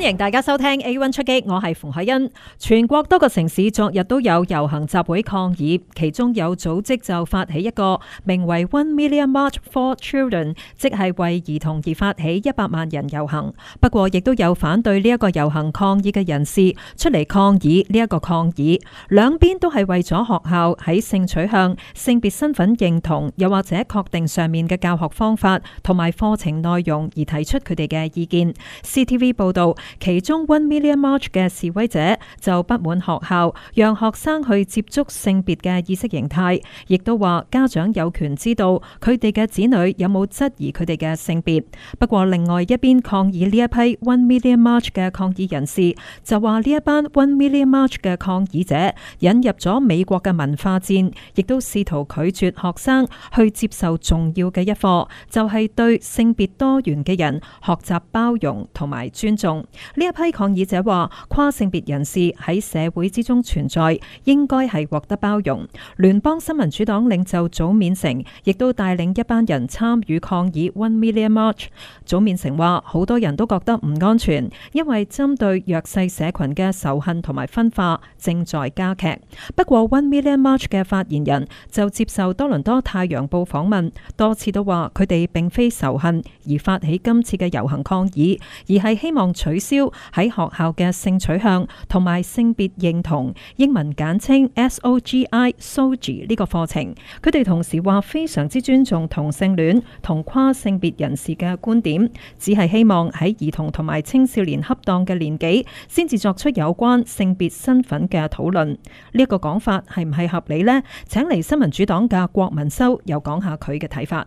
歡迎大家收聽《A One 出擊》，我係馮海欣。全國多個城市昨日都有遊行集會抗議，其中有組織就發起一個名為《One Million March for Children》，即係為兒童而發起一百萬人遊行。不過，亦都有反對呢一個遊行抗議嘅人士出嚟抗議呢一個抗議。兩邊都係為咗學校喺性取向、性別身份認同又或者確定上面嘅教學方法同埋課程內容而提出佢哋嘅意見。CTV 報道。其中 One Million March 嘅示威者就不滿學校讓學生去接觸性別嘅意識形態，亦都話家長有權知道佢哋嘅子女有冇質疑佢哋嘅性別。不過另外一邊抗議呢一批 One Million March 嘅抗議人士就話呢一班 One Million March 嘅抗議者引入咗美國嘅文化戰，亦都試圖拒絕學生去接受重要嘅一課，就係對性別多元嘅人學習包容同埋尊重。呢一批抗議者話：跨性別人士喺社會之中存在，應該係獲得包容。聯邦新民主黨領袖駔勉誠亦都帶領一班人參與抗議 One Million March。駔勉誠話：好多人都覺得唔安全，因為針對弱勢社群嘅仇恨同埋分化正在加劇。不過 One Million March 嘅發言人就接受多倫多《太陽報》訪問，多次都話佢哋並非仇恨而發起今次嘅遊行抗議，而係希望取教喺學校嘅性取向同埋性別認同，英文簡稱 SOGI，SOGI 呢個課程。佢哋同時話非常之尊重同性戀同跨性別人士嘅觀點，只係希望喺兒童同埋青少年恰當嘅年紀，先至作出有關性別身份嘅討論。呢一個講法係唔係合理呢？請嚟新民主黨嘅郭文修又講下佢嘅睇法。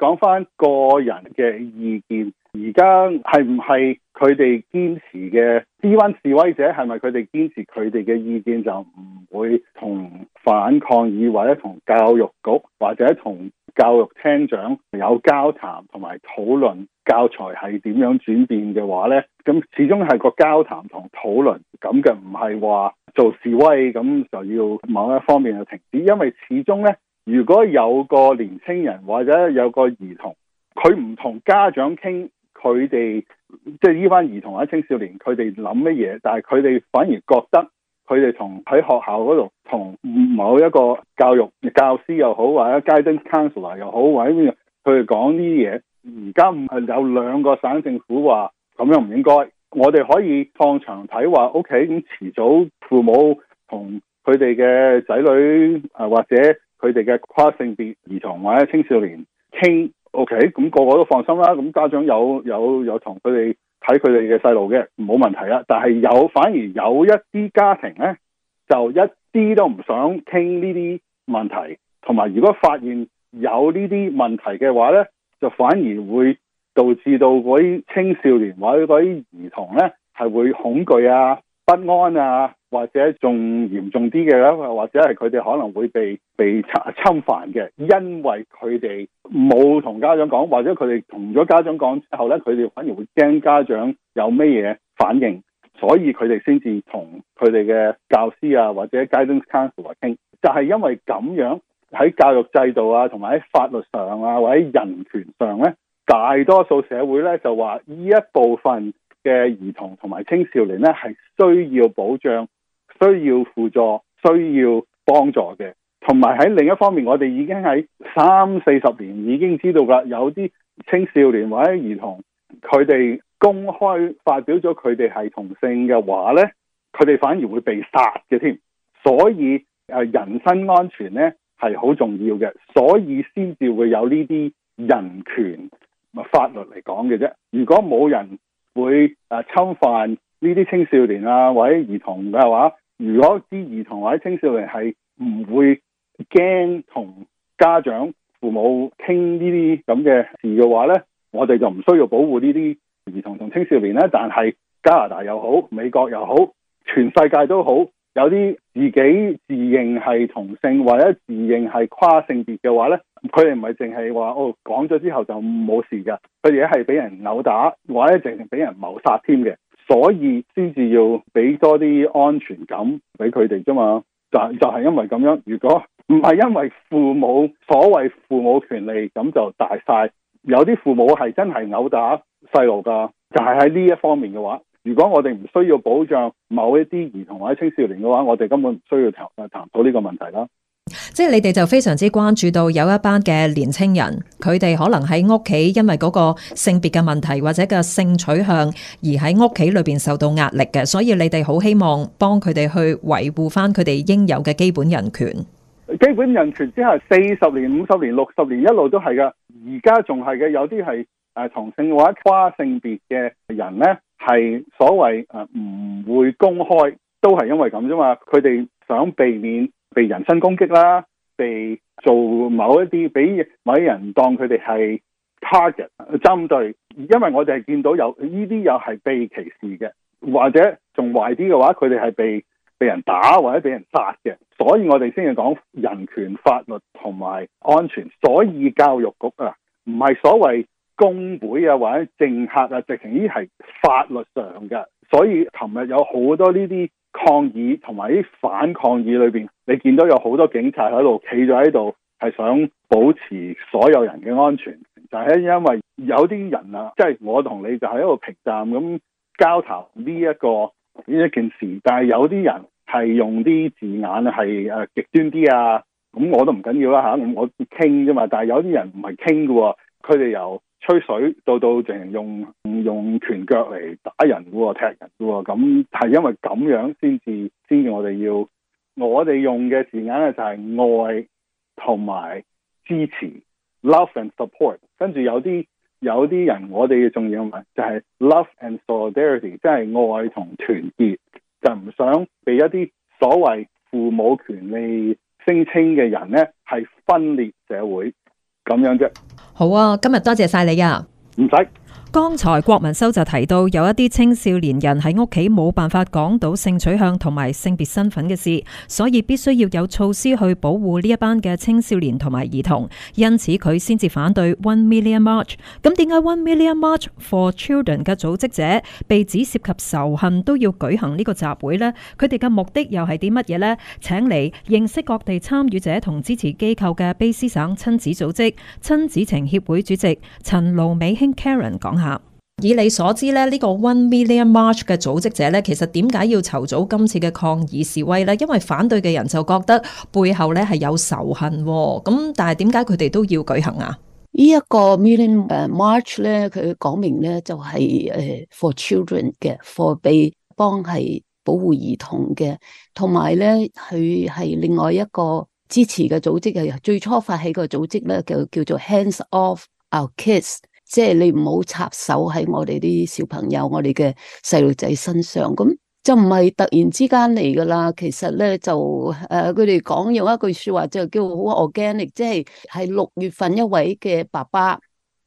講翻個人嘅意見，而家係唔係佢哋堅持嘅 d One 示威者係咪佢哋堅持佢哋嘅意見，就唔會同反抗議或者同教育局或者同教育廳長有交談同埋討論教材係點樣轉變嘅話呢？咁始終係個交談同討論咁嘅，唔係話做示威咁就要某一方面就停止，因為始終呢。如果有個年青人或者有個兒童，佢唔同家長傾，佢哋即係呢班兒童或者青少年，佢哋諗乜嘢？但係佢哋反而覺得佢哋同喺學校嗰度，同某一個教育教師又好，或者 guidance counselor 又好，或者佢哋講呢啲嘢。而家唔係有兩個省政府話咁樣唔應該，我哋可以放長睇，話 OK 咁遲早父母同佢哋嘅仔女啊或者。佢哋嘅跨性別兒童或者青少年傾 OK，咁、嗯、個個都放心啦。咁、嗯、家長有有有同佢哋睇佢哋嘅細路嘅冇問題啦。但係有反而有一啲家庭呢，就一啲都唔想傾呢啲問題，同埋如果發現有呢啲問題嘅話呢，就反而會導致到嗰啲青少年或者嗰啲兒童呢，係會恐懼啊、不安啊。或者仲嚴重啲嘅咧，或者係佢哋可能會被被侵犯嘅，因為佢哋冇同家長講，或者佢哋同咗家長講之後咧，佢哋反而會驚家長有咩嘢反應，所以佢哋先至同佢哋嘅教師啊或者 guidance counsellor 傾，就係因為咁樣喺教育制度啊同埋喺法律上啊或者人權上咧，大多數社會咧就話呢一部分嘅兒童同埋青少年咧係需要保障。需要輔助、需要幫助嘅，同埋喺另一方面，我哋已經喺三四十年已經知道啦，有啲青少年或者兒童，佢哋公開發表咗佢哋係同性嘅話呢，佢哋反而會被殺嘅添。所以誒，人身安全呢係好重要嘅，所以先至會有呢啲人權法律嚟講嘅啫。如果冇人會誒侵犯呢啲青少年啊或者兒童嘅話，如果啲兒童或者青少年係唔會驚同家長、父母傾呢啲咁嘅事嘅話咧，我哋就唔需要保護呢啲兒童同青少年咧。但係加拿大又好，美國又好，全世界都好，有啲自己自認係同性或者自認係跨性別嘅話咧，佢哋唔係淨係話哦講咗之後就冇事㗎，佢哋係俾人扭打，或者淨係俾人謀殺添嘅。所以先至要俾多啲安全感俾佢哋啫嘛，就係、就係、係、因為咁樣。如果唔係因為父母所謂父母權利咁就大晒。有啲父母係真係毆打細路噶，就係喺呢一方面嘅話。如果我哋唔需要保障某一啲兒童或者青少年嘅話，我哋根本唔需要談啊談到呢個問題啦。即係你哋就非常之關注到有一班嘅年青人，佢哋可能喺屋企因為嗰個性別嘅問題或者嘅性取向而喺屋企裏邊受到壓力嘅，所以你哋好希望幫佢哋去維護翻佢哋應有嘅基本人權。基本人權之下，四十年、五十年、六十年一路都係噶，而家仲係嘅。有啲係誒同性或者跨性別嘅人咧，係所謂誒唔會公開，都係因為咁啫嘛。佢哋想避免被人身攻擊啦，被做某一啲俾某人當佢哋係 target 針對，因為我哋係見到有呢啲又係被歧視嘅，或者仲壞啲嘅話，佢哋係被被人打或者被人殺嘅，所以我哋先至講人權法律同埋安全。所以教育局啊，唔係所謂工會啊或者政客啊，直情呢啲係法律上嘅。所以琴日有好多呢啲。抗議同埋啲反抗議裏邊，你見到有好多警察喺度企咗喺度，係想保持所有人嘅安全。就係因為有啲人啊，即係我同你就喺度平淡咁交談呢一個呢一件事，但係有啲人係用啲字眼係誒極端啲啊，咁我都唔緊要啦，嚇，我傾啫嘛。但係有啲人唔係傾㗎喎，佢哋又吹水到到就，竟然用用拳腳嚟打人嘅踢人嘅喎，咁係因為咁樣先至，先至我哋要我哋用嘅字眼咧，就係愛同埋支持，love and support。跟住有啲有啲人，我哋嘅重要嘅就係、是、love and solidarity，即係愛同團結，就唔、是、想被一啲所謂父母權利聲稱嘅人咧，係分裂社會咁樣啫。好啊，今日多謝晒你啊，唔使。剛才國文修就提到有一啲青少年人喺屋企冇辦法講到性取向同埋性別身份嘅事，所以必須要有措施去保護呢一班嘅青少年同埋兒童。因此佢先至反對 One Million March。咁點解 One Million March for Children 嘅組織者被指涉及仇恨都要舉行呢個集會呢？佢哋嘅目的又係啲乜嘢呢？請嚟認識各地參與者同支持機構嘅卑斯省親子組織親子情協會主席陳盧美卿 Karen 講。吓，以你所知咧，呢、這個 One Million March 嘅組織者咧，其實點解要籌組今次嘅抗議示威咧？因為反對嘅人就覺得背後咧係有仇恨、哦，咁但係點解佢哋都要舉行啊？呢一個 Million March 咧，佢講明咧就係誒 For Children 嘅，For 被幫係保護兒童嘅，同埋咧佢係另外一個支持嘅組織，係最初發起個組織咧，就叫做 Hands Off Our Kids。即係你唔好插手喺我哋啲小朋友、我哋嘅細路仔身上，咁就唔係突然之間嚟噶啦。其實咧就誒，佢哋講有一句説話就叫好我驚，亦即係係六月份一位嘅爸爸，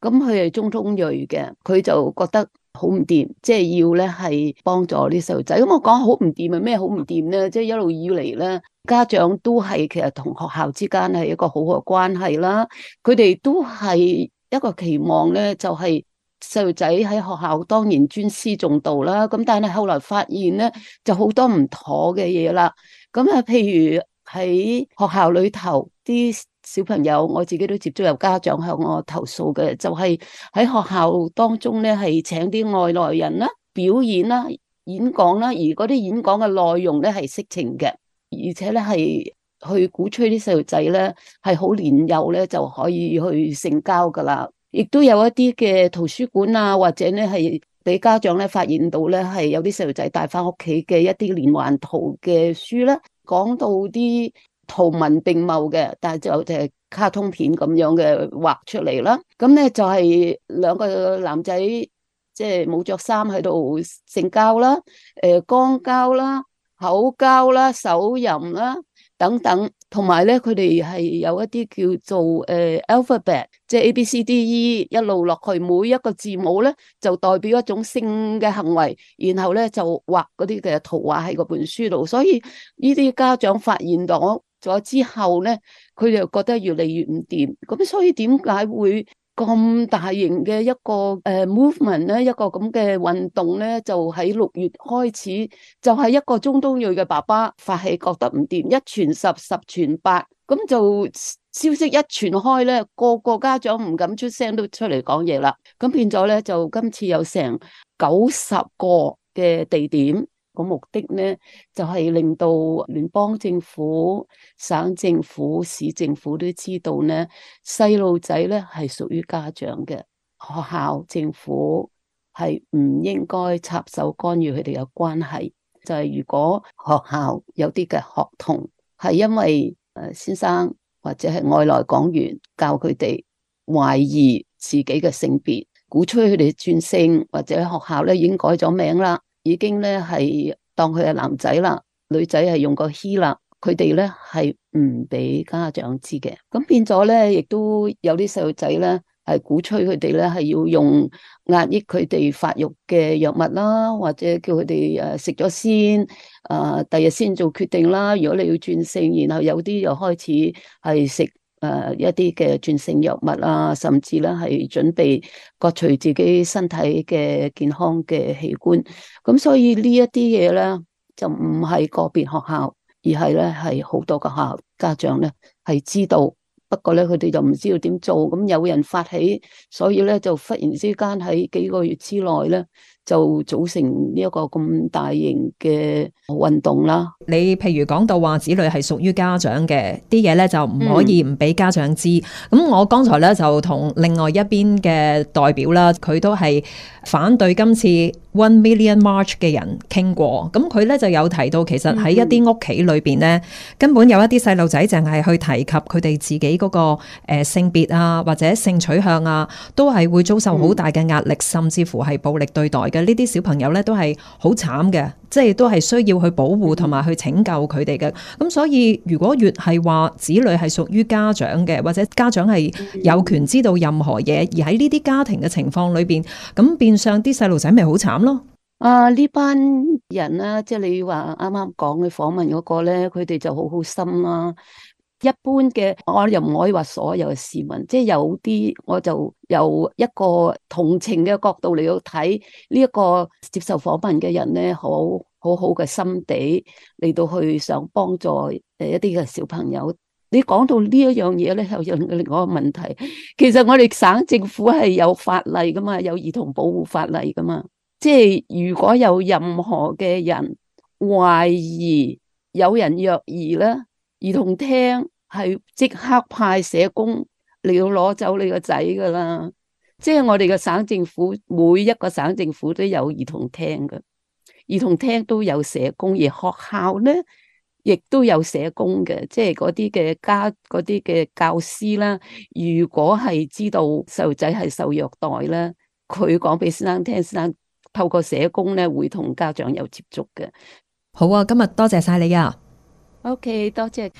咁佢係中通瑞嘅，佢就覺得好唔掂，即係要咧係幫助啲細路仔。咁我講好唔掂啊？咩好唔掂咧？即係一路以嚟咧，家長都係其實同學校之間係一個好好嘅關係啦，佢哋都係。一個期望咧，就係細路仔喺學校當然尊師重道啦。咁但係咧後來發現咧，就好多唔妥嘅嘢啦。咁啊，譬如喺學校裏頭啲小朋友，我自己都接觸有家長向我投訴嘅，就係、是、喺學校當中咧係請啲外來人啦表演啦演講啦，而嗰啲演講嘅內容咧係色情嘅，而且咧係。去鼓吹啲細路仔咧係好年幼咧就可以去性交噶啦，亦都有一啲嘅圖書館啊，或者咧係俾家長咧發現到咧係有啲細路仔帶翻屋企嘅一啲連環圖嘅書咧，講到啲圖文並茂嘅，但係就就係卡通片咁樣嘅畫出嚟啦。咁咧就係兩個男仔即係冇着衫喺度性交啦，誒、呃、肛交啦、口交啦、手淫啦。等等，同埋咧，佢哋係有一啲叫做誒、uh, alphabet，即係 A B C D E 一路落去，每一個字母咧就代表一種性嘅行為，然後咧就畫嗰啲嘅圖畫喺嗰本書度。所以呢啲家長發現咗咗之後咧，佢哋覺得越嚟越唔掂，咁所以點解會？咁大型嘅一個誒 movement 咧，一個咁嘅運動咧，就喺六月開始，就係一個中東裔嘅爸爸發起，覺得唔掂，一傳十，十傳八，咁就消息一傳開咧，個個家長唔敢出聲都出嚟講嘢啦，咁變咗咧就今次有成九十個嘅地點。個目的呢，就係令到聯邦政府、省政府、市政府都知道呢細路仔呢係屬於家長嘅學校，政府係唔應該插手干預佢哋嘅關係。就係如果學校有啲嘅學童係因為誒先生或者係外來講員教佢哋懷疑自己嘅性別，鼓吹佢哋轉性，或者學校呢已經改咗名啦。已經咧係當佢係男仔啦，女仔係用個 H 啦，佢哋咧係唔俾家長知嘅，咁變咗咧亦都有啲細路仔咧係鼓吹佢哋咧係要用壓抑佢哋發育嘅藥物啦，或者叫佢哋誒食咗先，誒第日先做決定啦。如果你要轉性，然後有啲又開始係食。誒一啲嘅轉性藥物啊，甚至咧係準備割除自己身體嘅健康嘅器官，咁所以呢一啲嘢咧就唔係個別學校，而係咧係好多個學校家長咧係知道，不過咧佢哋就唔知道點做，咁有人發起，所以咧就忽然之間喺幾個月之內咧。就組成呢一個咁大型嘅運動啦。你譬如講到話子女係屬於家長嘅，啲嘢咧就唔可以唔俾家長知。咁、嗯、我剛才咧就同另外一邊嘅代表啦，佢都係反對今次 One Million March 嘅人傾過。咁佢咧就有提到，其實喺一啲屋企裏邊咧，嗯嗯根本有一啲細路仔淨係去提及佢哋自己個誒性別啊，或者性取向啊，都係會遭受好大嘅壓力，甚至乎係暴力對待。嘅呢啲小朋友咧都係好慘嘅，即係都係需要去保護同埋去拯救佢哋嘅。咁所以如果越係話子女係屬於家長嘅，或者家長係有權知道任何嘢，而喺呢啲家庭嘅情況裏邊，咁變相啲細路仔咪好慘咯。啊，呢班人啦，即係你話啱啱講嘅訪問嗰個咧，佢哋就好好心啦。一般嘅，我又唔可以話所有嘅市民，即係有啲我就由一個同情嘅角度嚟到睇呢一個接受訪問嘅人咧，好好好嘅心地嚟到去想幫助誒一啲嘅小朋友。你講到呢一樣嘢咧，又有另外一個問題。其實我哋省政府係有法例噶嘛，有兒童保護法例噶嘛。即係如果有任何嘅人懷疑有人虐兒咧。兒童廳係即刻派社工嚟到攞走你個仔噶啦，即係我哋嘅省政府，每一個省政府都有兒童廳嘅，兒童廳都有社工，而學校呢，亦都有社工嘅，即係嗰啲嘅家嗰啲嘅教師啦，如果係知道細路仔係受虐待咧，佢講俾先生聽，先生透過社工咧會同家長有接觸嘅。好啊，今日多謝晒你啊！OK，多謝。